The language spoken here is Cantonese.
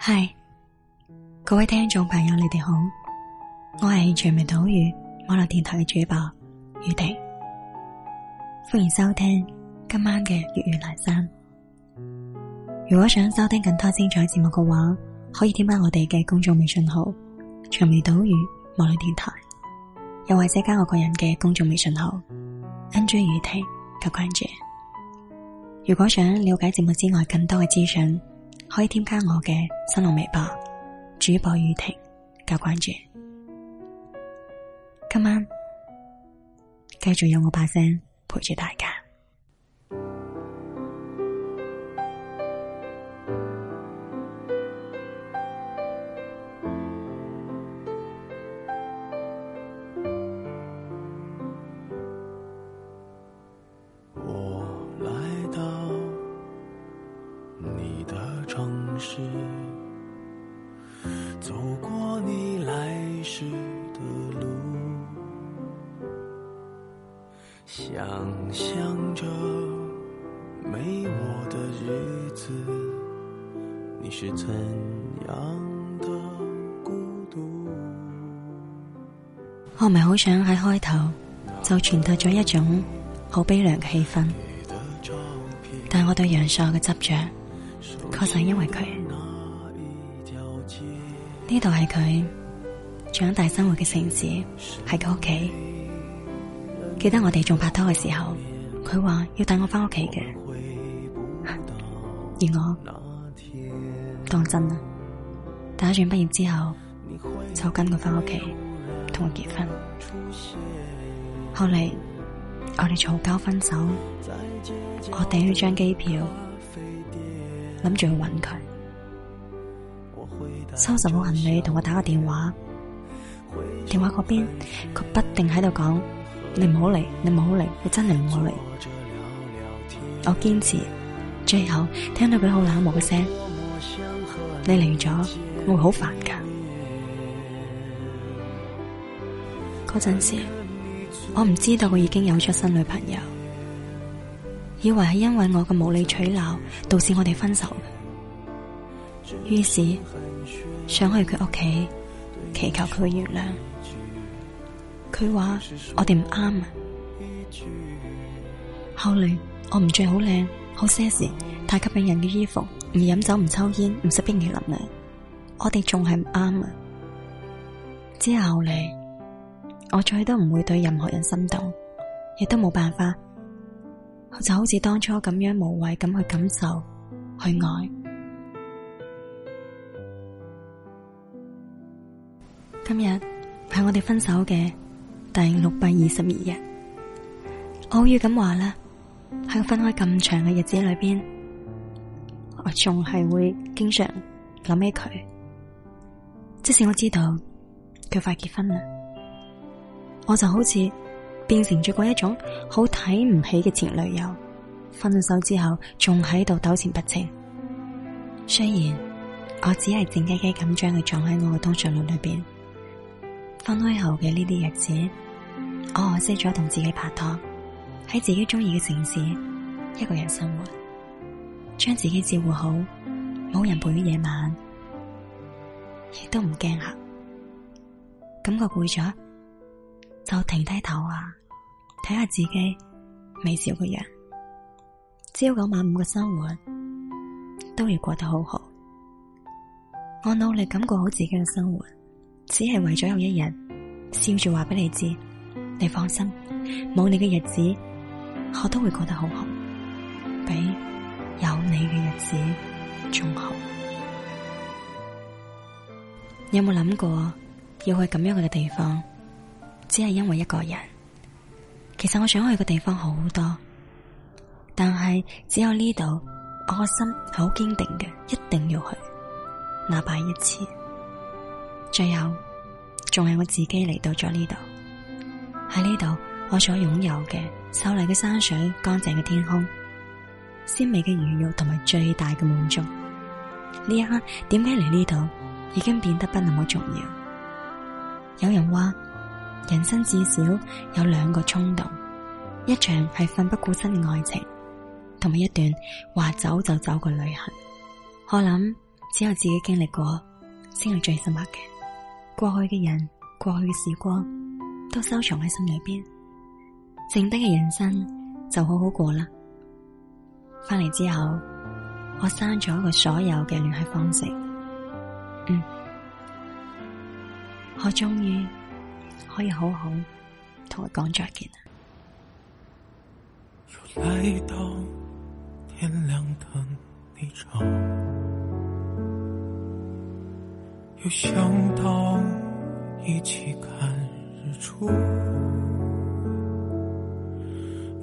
嗨，Hi, 各位聽眾朋友，你哋好！我係長尾島嶼網絡電台嘅主播雨婷，歡迎收聽今晚嘅粵語闌珊。如果想收聽更多精彩節目嘅話，可以添加我哋嘅公眾微信號長尾島嶼網絡電台，又或者加我個人嘅公眾微信號 n j 雨婷嘅關注。如果想了解節目之外更多嘅資訊。可以添加我嘅新浪微博，主播雨婷加關注，今晚繼續有我把聲陪住大家。是怎樣的孤獨。我唔係好想喺開頭就傳達咗一種好悲涼嘅氣氛，但係我對陽朔嘅執着，確實係因為佢。呢度係佢長大生活嘅城市，係佢屋企。記得我哋仲拍拖嘅時候，佢話要帶我返屋企嘅，而我。當真啊，打算畢業之後就跟我翻屋企，同我結婚。後嚟我哋嘈交分手，我訂咗張機票，諗住去搵佢。收拾好行李，同我打個電話。電話嗰邊佢不停喺度講：你唔好嚟，你唔好嚟，你真係唔好嚟。我堅持，最後聽到佢好冷漠嘅聲。你嚟咗，我會好煩噶。嗰陣時，我唔知道佢已經有咗新女朋友，以為係因為我嘅無理取鬧導致我哋分手了。於是，想去佢屋企祈求佢嘅原諒。佢話我哋唔啱呀。後嚟我唔着好靚，好 sexy，太吸引人嘅衣服。唔飲酒不煙，唔抽煙，唔食冰淇淋啊！我哋仲係唔啱啊！之後嚟，我再都唔會對任何人心動，亦都冇辦法，我就好似當初咁樣無謂咁去感受，去愛。今日係我哋分手嘅第六百二十二日，我要咁話啦：喺分開咁長嘅日子裏邊。我仲係會經常諗起佢，即使我知道佢快結婚啦，我就好似變成咗嗰一種好睇唔起嘅前女友。分手之後仲喺度糾纏不清，雖然我只係靜雞雞咁將佢撞喺我嘅通訊錄裏邊。分開後嘅呢啲日子，我學識咗同自己拍拖，喺自己中意嘅城市一個人生活。將自己照顧好，冇人陪於夜晚，亦都唔驚吓。感覺攰咗，就停低頭啊，睇下自己微笑嘅樣。朝九晚五嘅生活都要過得好好。我努力咁過好自己嘅生活，只係為咗有一日，笑住話俾你知。你放心，冇你嘅日子，我都會過得好好。你嘅日子仲好，有冇諗過要去咁樣嘅地方？只係因為一個人。其實我想去嘅地方好多，但係只有呢度，我個心好堅定嘅，一定要去，哪怕一次。最後，仲係我自己嚟到咗呢度。喺呢度，我所擁有嘅秀麗嘅山水、乾淨嘅天空。鮮美嘅魚肉同埋最大嘅滿足，呢一刻點解嚟呢度已經變得不那麼重要？有人話，人生至少有兩個衝動，一場係奮不顧身嘅愛情，同埋一段話走就走嘅旅行。我諗，只有自己經歷過先係最深刻嘅。過去嘅人，過去嘅時光都收藏喺心裏邊，剩低嘅人生就好好過啦。翻嚟之後，我刪咗佢所有嘅聯繫方式。嗯，我終於可以好好同佢講再見啦。又來到天亮的霓裳，又想到一起看日出。